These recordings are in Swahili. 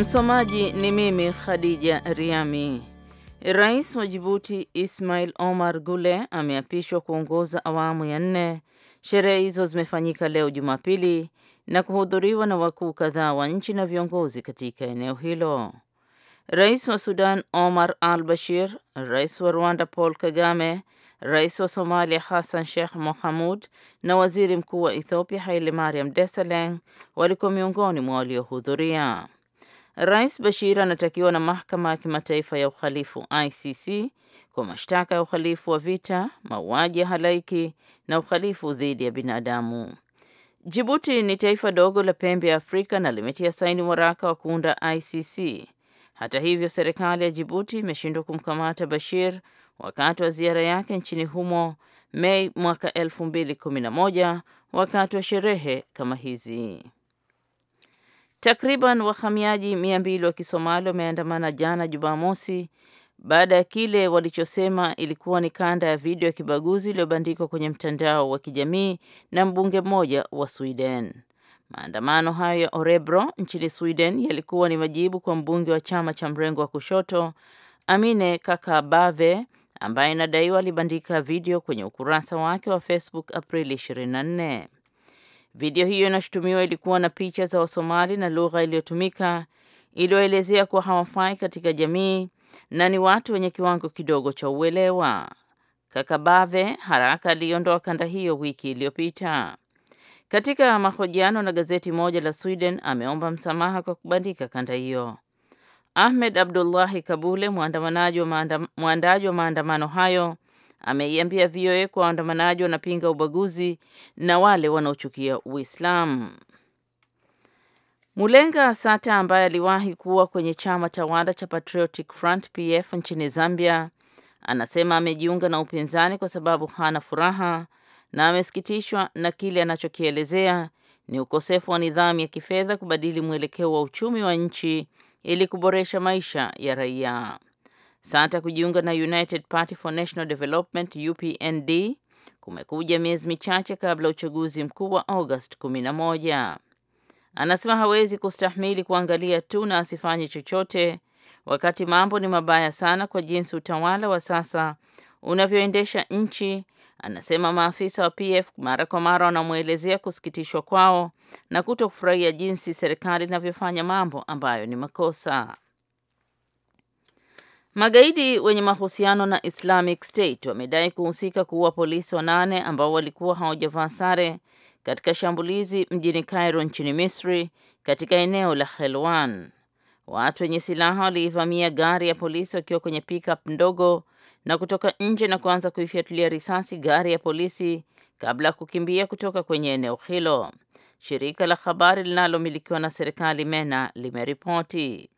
Msomaji ni mimi Khadija Riami. Rais wa Jibuti Ismail Omar Gule ameapishwa kuongoza awamu ya nne. Sherehe hizo zimefanyika leo Jumapili na kuhudhuriwa na wakuu kadhaa wa nchi na viongozi katika eneo hilo. Rais wa Sudan Omar al Bashir, rais wa Rwanda Paul Kagame, rais wa Somalia Hassan Sheikh Mohamud na waziri mkuu wa Ethiopia Haile Mariam Desalegn walikuwa miongoni mwa waliohudhuria. Rais Bashir anatakiwa na mahakama ya kimataifa ya uhalifu ICC kwa mashtaka ya uhalifu wa vita, mauaji ya halaiki na uhalifu dhidi ya binadamu. Jibuti ni taifa dogo la pembe ya Afrika na limetia saini waraka wa kuunda ICC. Hata hivyo, serikali ya Jibuti imeshindwa kumkamata Bashir wakati wa ziara yake nchini humo Mei mwaka 2011 wakati wa sherehe kama hizi. Takriban wahamiaji mia mbili wa Kisomali wameandamana jana Jumamosi baada ya kile walichosema ilikuwa ni kanda ya video ya kibaguzi iliyobandikwa kwenye mtandao wa kijamii na mbunge mmoja wa Sweden. Maandamano hayo ya Orebro nchini Sweden yalikuwa ni majibu kwa mbunge wa chama cha mrengo wa kushoto Amine Kakabave ambaye inadaiwa alibandika video kwenye ukurasa wake wa Facebook Aprili 24. Video hiyo inashutumiwa ilikuwa na picha za Wasomali na lugha iliyotumika iliyoelezea kuwa hawafai katika jamii na ni watu wenye kiwango kidogo cha uelewa. Kakabave haraka aliondoa kanda hiyo wiki iliyopita. Katika mahojiano na gazeti moja la Sweden, ameomba msamaha kwa kubandika kanda hiyo. Ahmed Abdullahi Kabule, mwandaji wa maandamano hayo, ameiambia VOA kwa waandamanaji wanapinga ubaguzi na wale wanaochukia Uislamu. Mulenga Sata ambaye aliwahi kuwa kwenye chama tawala cha Patriotic Front PF nchini Zambia anasema amejiunga na upinzani kwa sababu hana furaha na amesikitishwa na kile anachokielezea ni ukosefu wa nidhamu ya kifedha kubadili mwelekeo wa uchumi wa nchi ili kuboresha maisha ya raia. Sata kujiunga na United Party for National Development UPND kumekuja miezi michache kabla uchaguzi mkuu wa August 11. Anasema hawezi kustahimili kuangalia tu na asifanye chochote wakati mambo ni mabaya sana kwa jinsi utawala wa sasa unavyoendesha nchi. Anasema maafisa wa PF mara kwa mara wanamwelezea kusikitishwa kwao na kuto kufurahia jinsi serikali inavyofanya mambo ambayo ni makosa. Magaidi wenye mahusiano na Islamic State wamedai kuhusika kuua polisi wanane ambao walikuwa hawajavaa sare katika shambulizi mjini Cairo nchini Misri katika eneo la Helwan. Watu wenye silaha waliivamia gari ya polisi wakiwa kwenye pickup ndogo na kutoka nje na kuanza kuifyatulia risasi gari ya polisi kabla ya kukimbia kutoka kwenye eneo hilo. Shirika la habari linalomilikiwa na serikali MENA limeripoti.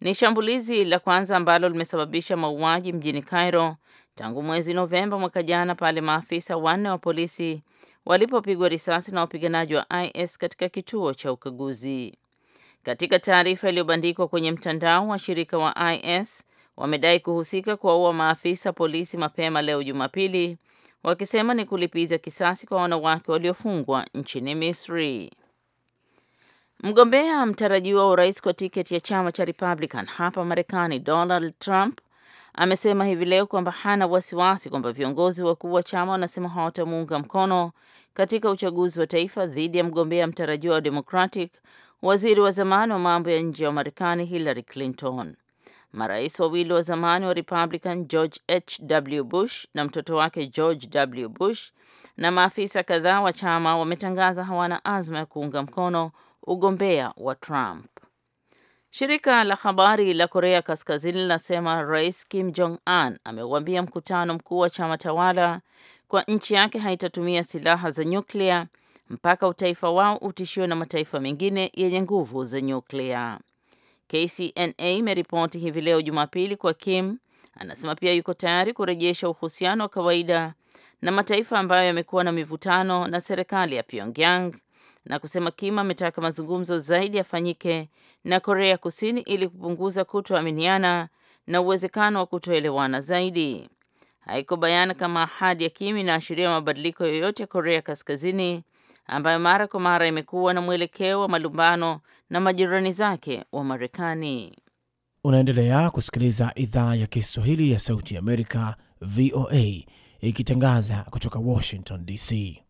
Ni shambulizi la kwanza ambalo limesababisha mauaji mjini Cairo tangu mwezi Novemba mwaka jana pale maafisa wanne wa polisi walipopigwa risasi na wapiganaji wa IS katika kituo cha ukaguzi. Katika taarifa iliyobandikwa kwenye mtandao, washirika wa IS wamedai kuhusika kuwaua maafisa polisi mapema leo Jumapili, wakisema ni kulipiza kisasi kwa wanawake waliofungwa nchini Misri. Mgombea mtarajiwa wa urais kwa tiketi ya chama cha Republican hapa Marekani, Donald Trump amesema hivi leo kwamba hana wasiwasi kwamba viongozi wakuu wa chama wanasema hawatamuunga mkono katika uchaguzi wa taifa dhidi ya mgombea mtarajiwa wa Democratic, waziri wa zamani wa mambo ya nje wa Marekani Hillary Clinton. Marais wawili wa zamani wa Republican George h w Bush na mtoto wake George W. Bush na maafisa kadhaa wa chama wametangaza hawana azma ya kuunga mkono ugombea wa Trump. Shirika la habari la Korea Kaskazini linasema Rais Kim Jong Un ameuambia mkutano mkuu wa chama tawala kwa nchi yake haitatumia silaha za nyuklia mpaka utaifa wao utishiwe na mataifa mengine yenye nguvu za nyuklia. KCNA imeripoti hivi leo Jumapili kwa Kim anasema pia yuko tayari kurejesha uhusiano wa kawaida na mataifa ambayo yamekuwa na mivutano na serikali ya Pyongyang na kusema Kim ametaka mazungumzo zaidi yafanyike na Korea Kusini ili kupunguza kutoaminiana na uwezekano wa kutoelewana zaidi. Haiko bayana kama ahadi ya Kim inaashiria mabadiliko yoyote ya Korea Kaskazini ambayo mara kwa mara imekuwa na mwelekeo wa malumbano na majirani zake wa Marekani. Unaendelea kusikiliza idhaa ya Kiswahili ya Sauti ya Amerika, VOA, ikitangaza kutoka Washington DC.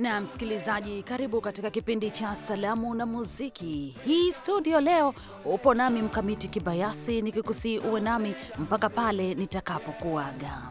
Na msikilizaji, karibu katika kipindi cha salamu na muziki. Hii studio leo upo nami Mkamiti Kibayasi, nikikusi uwe nami mpaka pale nitakapokuaga.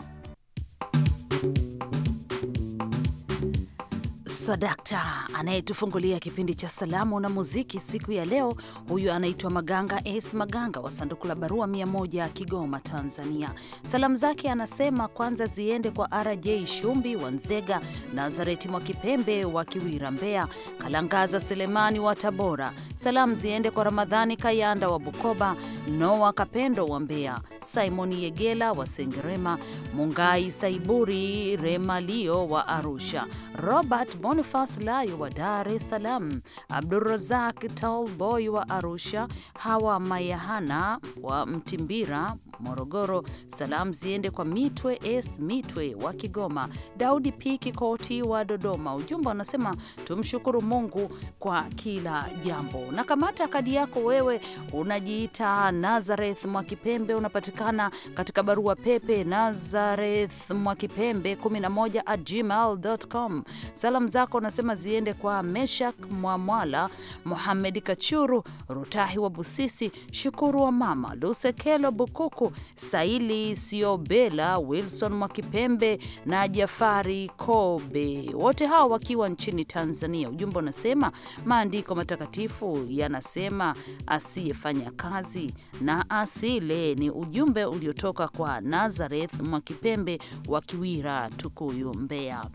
Swadakta anayetufungulia kipindi cha salamu na muziki siku ya leo, huyu anaitwa Maganga Es Maganga wa sanduku la barua 1 Kigoma, Tanzania. Salamu zake anasema kwanza ziende kwa RJ Shumbi wa Nzega, Nazareti mwa Kipembe wa Kiwira, Mbeya, Kalangaza Selemani wa Tabora. Salamu ziende kwa Ramadhani Kayanda wa Bukoba, Noa Kapendo wa Mbeya, Simoni Yegela wa Sengerema, Mungai Saiburi Remalio wa Arusha, Robert Boniface Layo wa Dar es Salaam, Abdurazak Talboy wa Arusha, Hawa Mayahana wa Mtimbira, Morogoro. Salamu ziende kwa Mitwe S Mitwe wa Kigoma, Daudi P Kikoti wa Dodoma. Ujumbe unasema tumshukuru Mungu kwa kila jambo. Na kamata kadi yako wewe, unajiita Nazareth Mwakipembe, unapatikana katika barua pepe Nazareth Mwakipembe 11 at gmail.com. Salamu zako unasema ziende kwa Meshak Mwamwala, Muhamed Kachuru, Rutahi wa Busisi, Shukuru wa Mama Lusekelo, Bukuku Saili Siobela, Wilson Mwakipembe na Jafari Kobe, wote hawa wakiwa nchini Tanzania. Ujumbe unasema maandiko matakatifu yanasema asiyefanya kazi na asile. Ni ujumbe uliotoka kwa Nazareth Mwakipembe wa Kiwira, Tukuyu, Mbeya.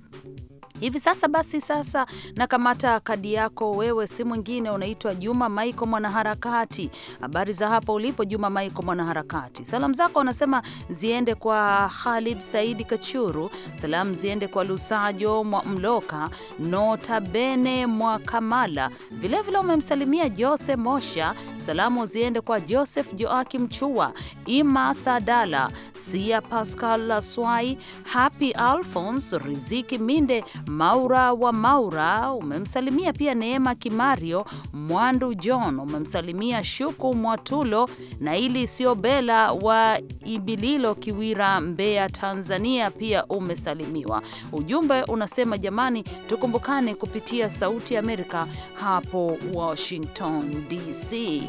Hivi sasa basi, sasa nakamata kadi yako wewe, si mwingine, unaitwa Juma Maiko mwanaharakati. Habari za hapo ulipo, Juma Maiko mwanaharakati. Salamu zako unasema ziende kwa Khalid Saidi Kachuru, salamu ziende kwa Lusajo mwa Mloka, Notabene mwa Kamala, vilevile umemsalimia Jose Mosha, salamu ziende kwa Joseph Joakim Chua, Ima Sadala, Sia Pascal Laswai, Happy Alphons, Riziki Minde Maura wa Maura, umemsalimia pia Neema Kimario, Mwandu John, umemsalimia Shuku Mwatulo na ili sio Bela wa Ibililo, Kiwira, Mbeya, Tanzania, pia umesalimiwa. Ujumbe unasema jamani, tukumbukane kupitia Sauti ya Amerika hapo Washington DC.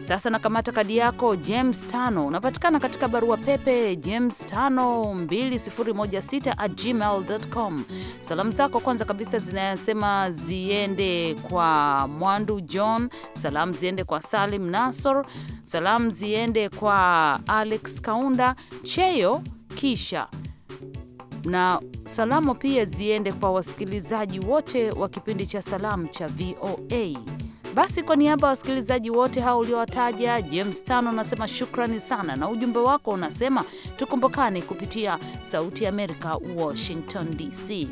Sasa nakamata kadi yako James tano, unapatikana katika barua pepe James tano 2016 at gmail.com. Salamu zako kwanza kabisa zinasema ziende kwa Mwandu John, salamu ziende kwa Salim Nasor, salamu ziende kwa Alex Kaunda Cheyo kisha na salamu pia ziende kwa wasikilizaji wote wa kipindi cha salamu cha VOA. Basi kwa niaba ya wasikilizaji wote hao uliowataja, James Tano anasema shukrani sana, na ujumbe wako unasema tukumbukane kupitia Sauti ya Amerika, Washington DC.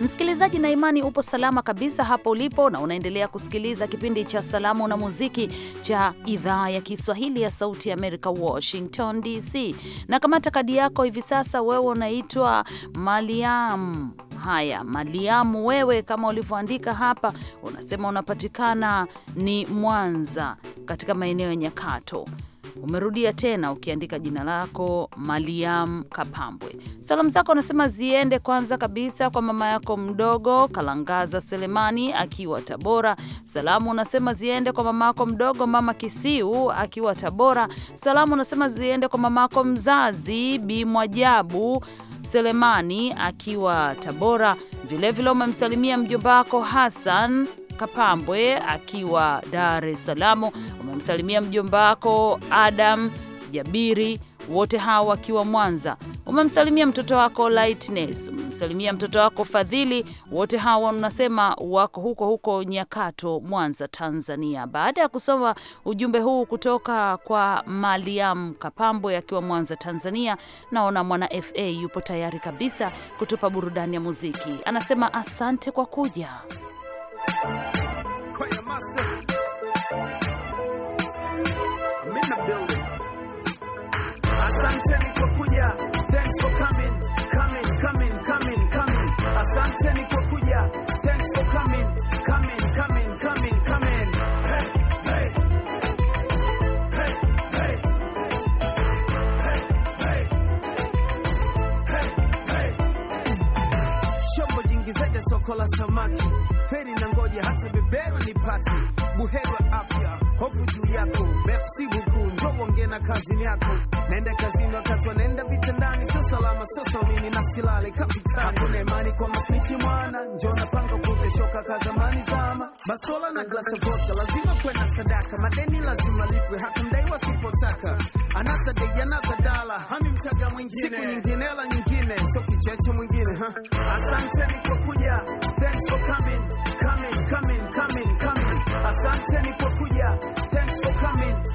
Msikilizaji na imani, upo salama kabisa hapo ulipo na unaendelea kusikiliza kipindi cha Salamu na Muziki cha idhaa ya Kiswahili ya Sauti ya Amerika, Washington DC. Na kamata kadi yako hivi sasa, wewe unaitwa Maliam haya. Maliamu, wewe kama ulivyoandika hapa, unasema unapatikana ni Mwanza katika maeneo ya Nyakato. Umerudia tena ukiandika jina lako Maliam Kapambwe. Salamu zako unasema ziende kwanza kabisa kwa mama yako mdogo Kalangaza Selemani akiwa Tabora. Salamu unasema ziende kwa mama yako mdogo mama Kisiu akiwa Tabora. Salamu unasema ziende kwa mama yako mzazi Bi Mwajabu Selemani akiwa Tabora. Vilevile umemsalimia mjomba wako Hassan Kapambwe akiwa Dar es Salaam. Umemsalimia mjomba wako Adam Jabiri wote hawa wakiwa Mwanza. Umemsalimia mtoto wako Lightness, umemsalimia mtoto wako Fadhili, wote hawa unasema wako huko huko Nyakato, Mwanza, Tanzania. Baada ya kusoma ujumbe huu kutoka kwa Maliam Kapambo akiwa Mwanza, Tanzania, naona Mwana FA yupo tayari kabisa kutupa burudani ya muziki. Anasema asante kwa kuja thanks for coming, coming, coming, coming, coming. Asanteni kwa kuja, thanks for coming, coming, coming, coming, coming. Hey, hey. Hey, hey. Hey, hey. Chombo jingizaje soko la samaki, feri na ngoja hata beberu nipati, afya, hofu juu merci beaucoup. tuonge na kazi kazini yako. Naenda kazini wakati wanaenda vitandani, sio salama, sio salini na silale kapitani. Hakuna imani kwa mafnichi mwana, njoo napanga shoka ka zamani zama. Basola na glasa vodka, lazima kwe na sadaka, madeni lazima lipwe, hatumdai wasipotaka. Another day, another dollar, hami mchaga mwingine, siku nyingine la nyingine, So kicheche mwingine ha. ni kwa kuja, thanks for coming, coming, coming, coming, coming. Asante ni kwa kuja, thanks for coming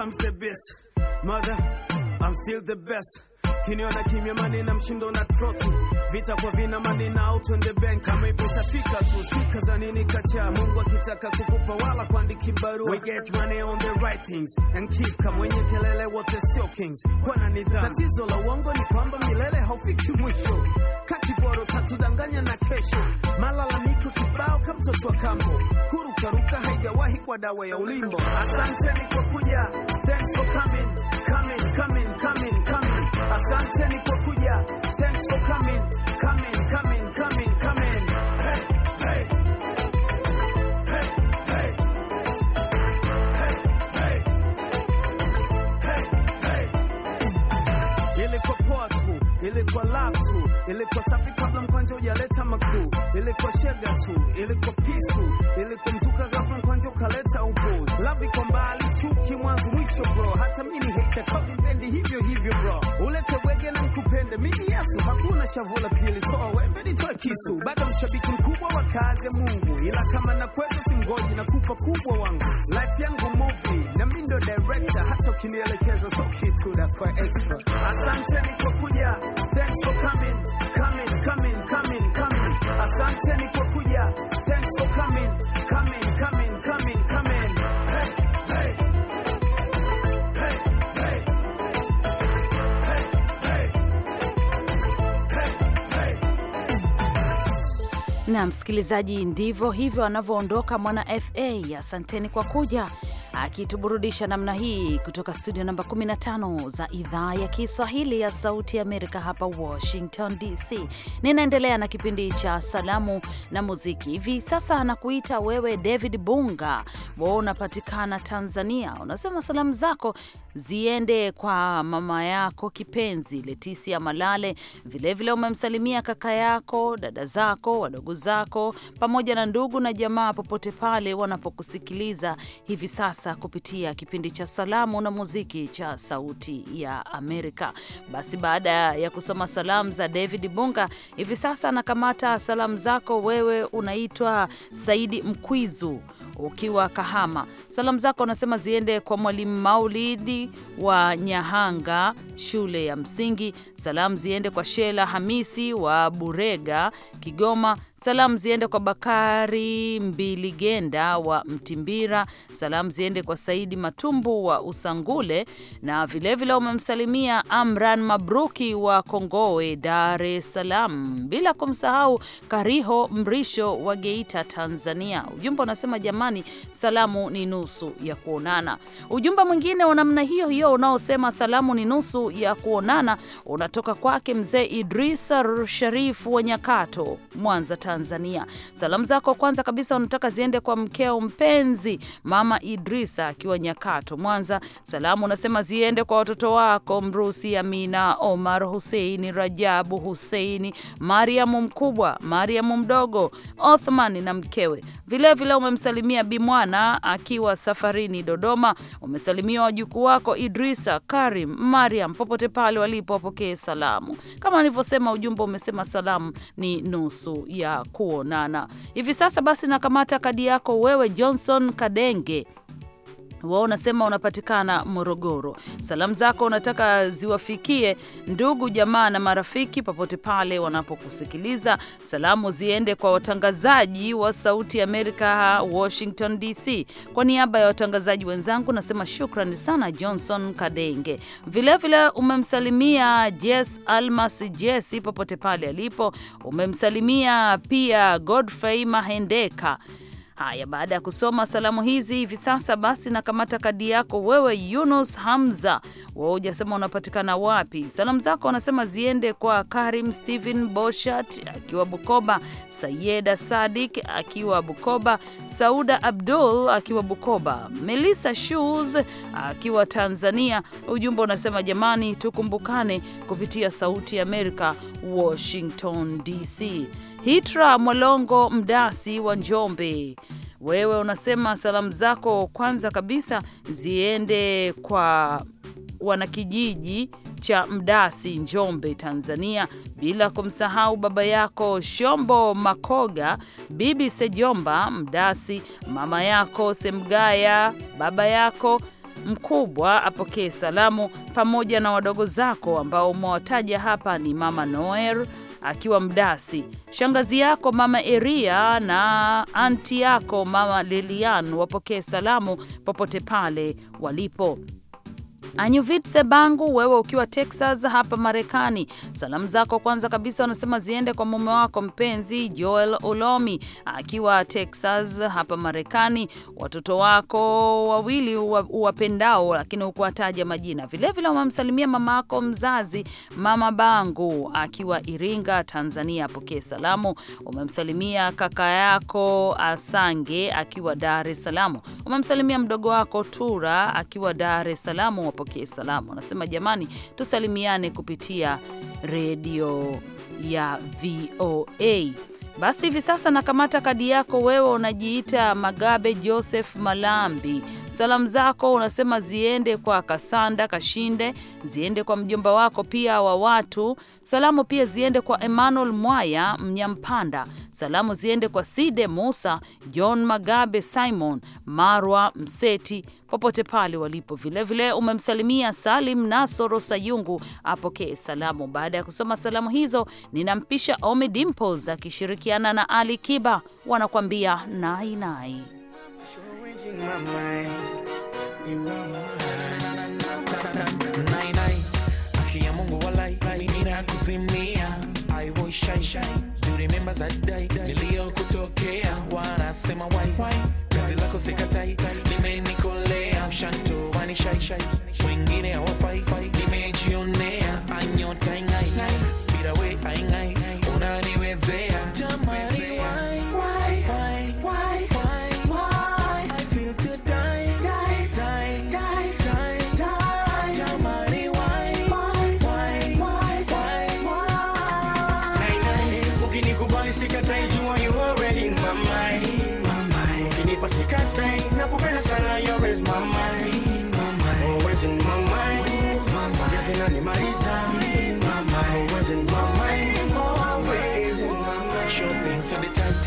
comes the best. Mother, I'm still the best. kiniona kimya manena mshindo na trotu vita kwa vina manena au twende bank kama ipo tafika tu spika za nini kacha Mungu akitaka kukupa wala kuandiki barua we get money on the right things and keep kama mwenye kelele wote sio kings kwa na nidhamu tatizo la uongo ni kwamba milele haufiki mwisho kati bora tatudanganya na kesho malalamiko kibao kama mtoto wa kambo kurukaruka haijawahi kwa dawa ya ulimbo asanteni kwa kuja thanks for coming coming coming Asante ni kwa kuja, thanks for coming. ilikuwa love tu, ilikuwa safi kabla mkwanja ujaleta makuu, ilikuwa shega tu, ilikuwa pisu, ilikuwa mzuka ghafla mkwanja ukaleta upuzi, Love kwa mbali chuki mwanzo mwisho bro, hata mimi ni hater vipendi mpendi hivyo hivyo bro, ulete wege na mkupende mimi Yesu, hakuna shavula pili, toa wembe nitoe kisu, bado mshabiki mkubwa wa kazi ya Mungu, ila kama na kwetu simgoji na kupa kubwa wangu, life yangu movie na mimi ndo director, hata ukinielekeza so kitu na kwa expert. Asanteni kwa kuja Asanteni kwa Na msikilizaji, ndivyo hivyo anavyoondoka mwana FA. Asanteni kwa kuja akituburudisha namna hii kutoka studio namba 15 za idhaa ya Kiswahili ya Sauti ya Amerika hapa Washington DC. Ninaendelea na kipindi cha salamu na muziki. Hivi sasa nakuita wewe David Bunga, wewe unapatikana Tanzania, unasema salamu zako ziende kwa mama yako kipenzi Letisia Malale. Vilevile umemsalimia kaka yako, dada zako, wadogo zako, pamoja na ndugu na jamaa popote pale wanapokusikiliza hivi sasa kupitia kipindi cha Salamu na Muziki cha Sauti ya Amerika. Basi baada ya kusoma salamu za David Bunga, hivi sasa anakamata salamu zako wewe, unaitwa Saidi Mkwizu ukiwa Kahama. Salamu zako anasema ziende kwa Mwalimu Maulidi wa Nyahanga shule ya msingi. Salamu ziende kwa Shela Hamisi wa Burega Kigoma. Salamu ziende kwa Bakari Mbiligenda wa Mtimbira. Salamu ziende kwa Saidi Matumbu wa Usangule, na vilevile umemsalimia Amran Mabruki wa Kongowe, Dar es Salaam, bila kumsahau Kariho Mrisho wa Geita, Tanzania. Ujumbe unasema jamani, salamu ni nusu ya kuonana. Ujumbe mwingine wa namna hiyo hiyo unaosema salamu ni nusu ya kuonana unatoka kwake mzee Idrisa Sharifu wa Nyakato, Mwanza, Tanzania. Tanzania. Salamu zako kwanza kabisa unataka ziende kwa mkeo mpenzi Mama Idrisa akiwa Nyakato, Mwanza. Salamu unasema ziende kwa watoto wako Mrusi, Amina, Omar Huseini, Rajabu Huseini, Mariamu mkubwa, Mariamu mdogo, Othman na mkewe. Vilevile umemsalimia Bimwana akiwa safarini Dodoma. Umesalimia wajukuu wako Idrisa, Karim, Mariam popote pale walipo, wapokee salamu. Kama nilivyosema, ujumbe umesema salamu ni nusu ya kuonana. Hivi sasa basi nakamata kadi yako wewe Johnson Kadenge wao unasema unapatikana Morogoro. Salamu zako unataka ziwafikie ndugu jamaa na marafiki popote pale wanapokusikiliza. Salamu ziende kwa watangazaji wa Sauti ya Amerika Washington DC. Kwa niaba ya watangazaji wenzangu nasema shukrani sana Johnson Kadenge. Vilevile umemsalimia jes Almas Jesi popote pale alipo. Umemsalimia pia Godfrey Mahendeka Haya, baada ya kusoma salamu hizi hivi sasa basi nakamata kadi yako wewe, Yunus Hamza, wa hujasema unapatikana wapi. Salamu zako wanasema ziende kwa Karim Steven Boshat akiwa Bukoba, Sayeda Sadik akiwa Bukoba, Sauda Abdul akiwa Bukoba, Melissa Shoes akiwa Tanzania. Ujumbe unasema jamani, tukumbukane kupitia Sauti ya Amerika, Washington DC. Hitra Mwalongo Mdasi wa Njombe wewe unasema salamu zako kwanza kabisa ziende kwa wanakijiji cha Mdasi, Njombe, Tanzania, bila kumsahau baba yako Shombo Makoga, bibi Sejomba Mdasi, mama yako Semgaya, baba yako mkubwa apokee salamu pamoja na wadogo zako ambao umewataja hapa ni Mama Noel akiwa mdasi, shangazi yako mama Eria na anti yako mama Lilian wapokee salamu popote pale walipo. Anyuvitse Bangu, wewe ukiwa Texas hapa Marekani, salamu zako kwanza kabisa unasema ziende kwa mume wako mpenzi Joel Olomi akiwa Texas hapa Marekani, watoto wako wawili uwapendao, lakini hukuwataja majina. Vilevile wamemsalimia mama yako mzazi Mama Bangu akiwa Iringa, Tanzania, apokee salamu. Umemsalimia kaka yako Asange akiwa Dar es Salaam. Umemsalimia mdogo wako Tura akiwa Dar es Salaam wapokee salamu. Anasema jamani, tusalimiane kupitia redio ya VOA. Basi hivi sasa nakamata kadi yako wewe, unajiita Magabe Joseph Malambi Salamu zako unasema ziende kwa Kasanda Kashinde, ziende kwa mjomba wako pia wa watu. Salamu pia ziende kwa Emmanuel Mwaya Mnyampanda. Salamu ziende kwa Side Musa, John Magabe, Simon Marwa Mseti popote pale walipo. Vilevile umemsalimia Salim Nasoro Sayungu, apokee salamu. Baada ya kusoma salamu hizo, ninampisha Omi Dimples akishirikiana na Ali Kiba wanakuambia nainai nai. changing my mind. You are mine. Nine nine, akiyamungwa walai, mina kuzimia. I was shy shy, do remember that day niliyokutokea, wanasema why why, kazi lako sikatai, limenikolea, mshantovani shy shy, wengine to be tempted.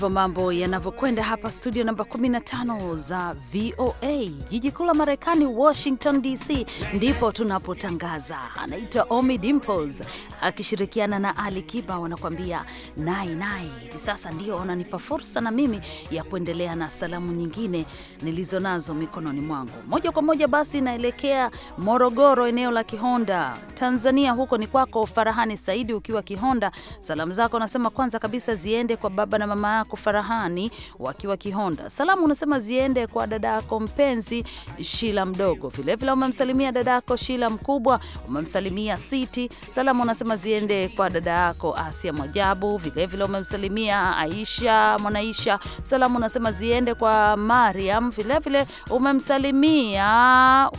ndivyo mambo yanavyokwenda hapa studio namba 15 za VOA, jiji kuu la Marekani, Washington DC, ndipo tunapotangaza. Anaitwa Omi Dimples akishirikiana na Ali Kiba wanakuambia nai nai. Hivi sasa ndio wananipa fursa na mimi ya kuendelea na salamu nyingine nilizo nazo mikononi mwangu. Moja kwa moja basi naelekea Morogoro, eneo la Kihonda, Tanzania. Huko ni kwako Farahani Saidi, ukiwa Kihonda. Salamu zako nasema kwanza kabisa ziende kwa baba na mama yako yako Farahani wakiwa Kihonda. Salamu unasema ziende kwa dada yako mpenzi Shila mdogo, vilevile umemsalimia dada yako Shila mkubwa, umemsalimia Siti. Salamu unasema ziende kwa dada yako Asia Mwajabu, vilevile umemsalimia Aisha Mwanaisha. Salamu unasema ziende kwa Mariam, vilevile umemsalimia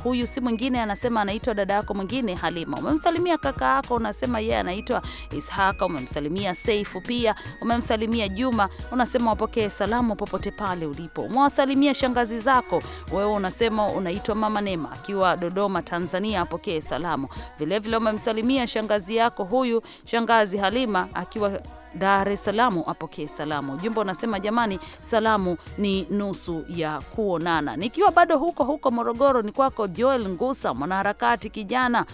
huyu si mwingine, anasema anaitwa dada yako mwingine Halima. Umemsalimia kaka yako, unasema yeye anaitwa Ishaka. Umemsalimia Seifu, pia umemsalimia Juma, unasema wapokee salamu popote pale ulipo, mwawasalimia shangazi zako. Wewe unasema unaitwa Mama Nema akiwa Dodoma, Tanzania, apokee salamu vilevile. Umemsalimia shangazi yako huyu, shangazi Halima akiwa Dar es Salaam apokee salamu. Jumba unasema jamani, salamu ni nusu ya kuonana. Nikiwa bado huko huko Morogoro, ni kwako Joel Ngusa, mwanaharakati kijana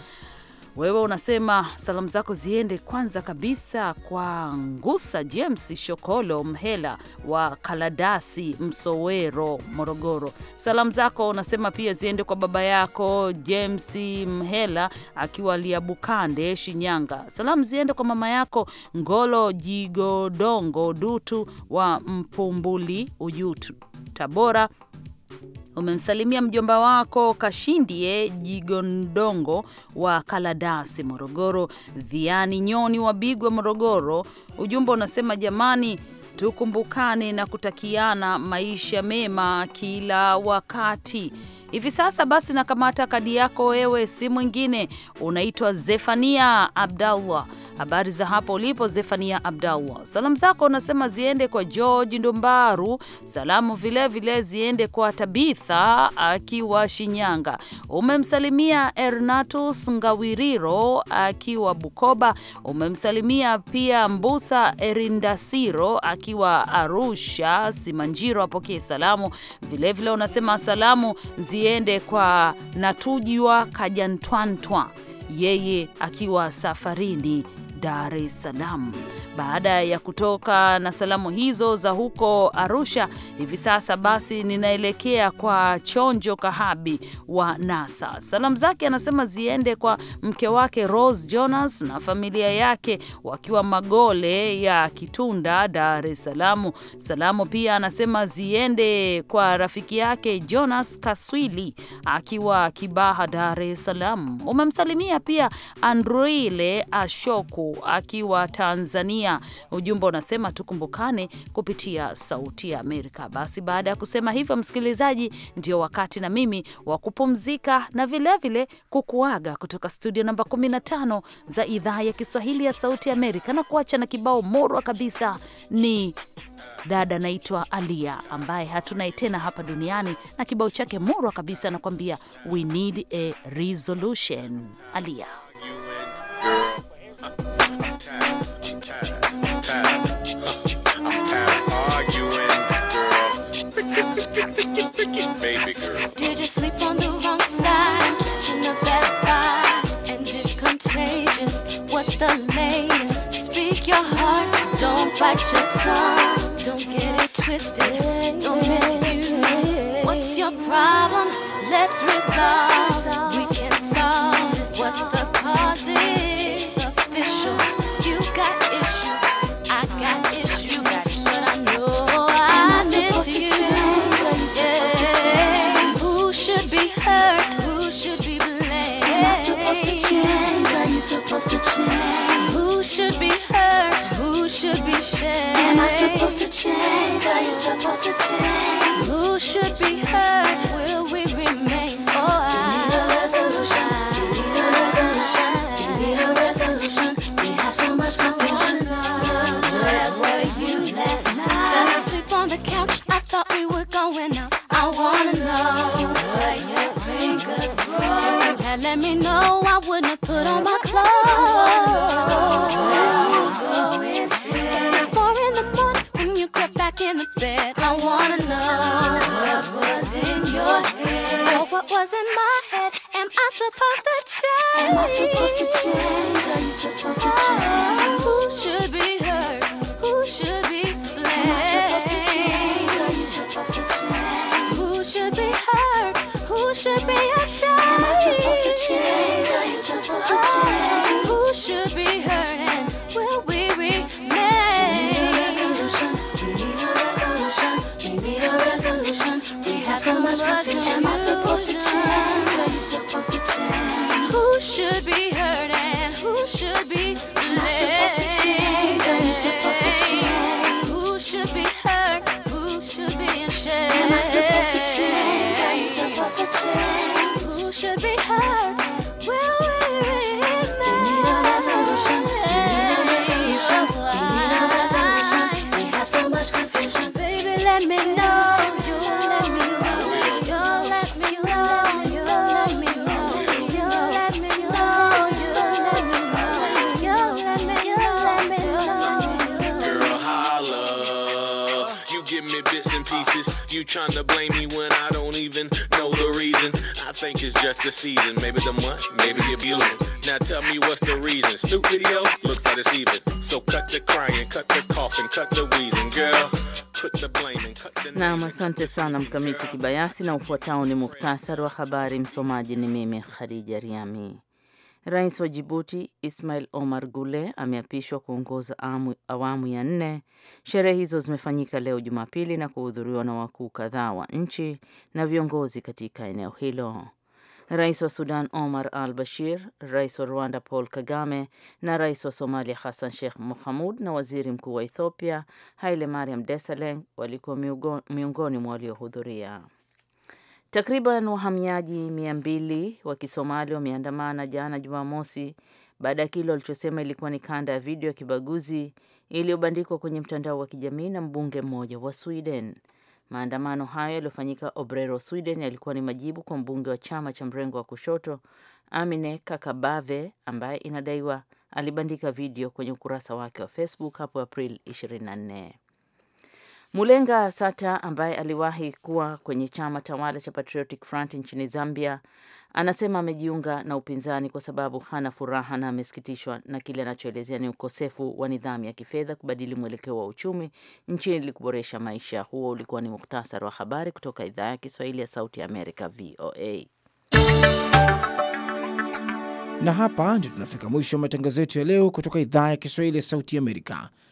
wewe unasema salamu zako ziende kwanza kabisa kwa Ngusa James Shokolo Mhela wa Kaladasi, Msowero, Morogoro. Salamu zako unasema pia ziende kwa baba yako James Mhela akiwa Liabukande, Shinyanga. Salamu ziende kwa mama yako Ngolo Jigodongo Dutu wa Mpumbuli, Ujutu, Tabora Umemsalimia mjomba wako Kashindie Jigondongo wa Kaladasi, Morogoro, Viani Nyoni wa Bigwa, Morogoro. Ujumbe unasema jamani, tukumbukane na kutakiana maisha mema kila wakati hivi sasa. Basi nakamata kadi yako wewe, si mwingine, unaitwa Zefania Abdallah. Habari za hapo ulipo Zefania Abdallah. Salamu zako unasema ziende kwa George Ndumbaru, salamu vilevile vile ziende kwa Tabitha akiwa Shinyanga. Umemsalimia Ernatus Ngawiriro akiwa Bukoba, umemsalimia pia Mbusa Erindasiro akiwa Arusha Simanjiro, apokee salamu vilevile. Unasema salamu zi ziende kwa Natujwa Kajantwantwa, yeye akiwa safarini Dar es Salaam. Baada ya kutoka na salamu hizo za huko Arusha, hivi sasa basi ninaelekea kwa Chonjo Kahabi wa NASA. Salamu zake anasema ziende kwa mke wake Rose Jonas na familia yake wakiwa Magole ya Kitunda, Dar es Salaam. Salamu pia anasema ziende kwa rafiki yake Jonas Kaswili akiwa Kibaha, Dar es Salaam. Umemsalimia pia andrile Ashoku Mkuu akiwa Tanzania. Ujumbe unasema tukumbukane kupitia Sauti ya Amerika. Basi baada ya kusema hivyo, msikilizaji, ndio wakati na mimi wa kupumzika na vilevile vile kukuaga kutoka studio namba 15 za idhaa ya Kiswahili ya Sauti ya Amerika na kuacha na kibao morwa kabisa. Ni dada naitwa Alia ambaye hatunaye tena hapa duniani, na kibao chake morwa kabisa anakuambia we need a resolution. Alia Arguing, girl. Did you sleep on the wrong side? in the bed? vibe, and it's contagious. What's the latest? Speak your heart, don't bite your tongue. Don't get it twisted, don't miss you. What's your problem? Let's resolve. trust you. much confusion. you trying to blame me when I don't even know the reason. I think it's just the season. Maybe the month, maybe the abusing. Now tell me what's the reason. Stupid yo, looks like it's even. So cut the crying, cut the coughing, cut the wheezing, girl. Naam, asante sana Mkamiti Kibayasi, na ufuatao ni muhtasari wa habari. Msomaji ni mimi Khadija Riami. Rais wa Jibuti Ismail Omar Gule ameapishwa kuongoza awamu ya nne. Sherehe hizo zimefanyika leo Jumapili na kuhudhuriwa na wakuu kadhaa wa nchi na viongozi katika eneo hilo. Rais wa Sudan Omar al Bashir, rais wa Rwanda Paul Kagame na rais wa Somalia Hassan Sheikh Mohamud na waziri mkuu wa Ethiopia Haile Mariam Desalegn walikuwa miongoni mwa waliohudhuria. Takriban wahamiaji mia mbili wa Kisomali wameandamana jana Jumamosi baada ya kile walichosema ilikuwa ni kanda ya video ya kibaguzi iliyobandikwa kwenye mtandao wa kijamii na mbunge mmoja wa Sweden. Maandamano hayo yaliyofanyika Obrero, Sweden, yalikuwa ni majibu kwa mbunge wa chama cha mrengo wa kushoto Amine Kakabave ambaye inadaiwa alibandika video kwenye ukurasa wake wa Facebook hapo Aprili 24. Mulenga Sata ambaye aliwahi kuwa kwenye chama tawala cha Patriotic Front nchini Zambia anasema amejiunga na upinzani kwa sababu hana furaha na amesikitishwa na kile anachoelezea ni ukosefu wa nidhamu ya kifedha kubadili mwelekeo wa uchumi nchini ili kuboresha maisha. Huo ulikuwa ni muhtasari wa habari kutoka idhaa ya Kiswahili ya Sauti ya Amerika, VOA. Na hapa ndio tunafika mwisho wa matangazo yetu ya leo kutoka idhaa ya Kiswahili ya Sauti ya Amerika.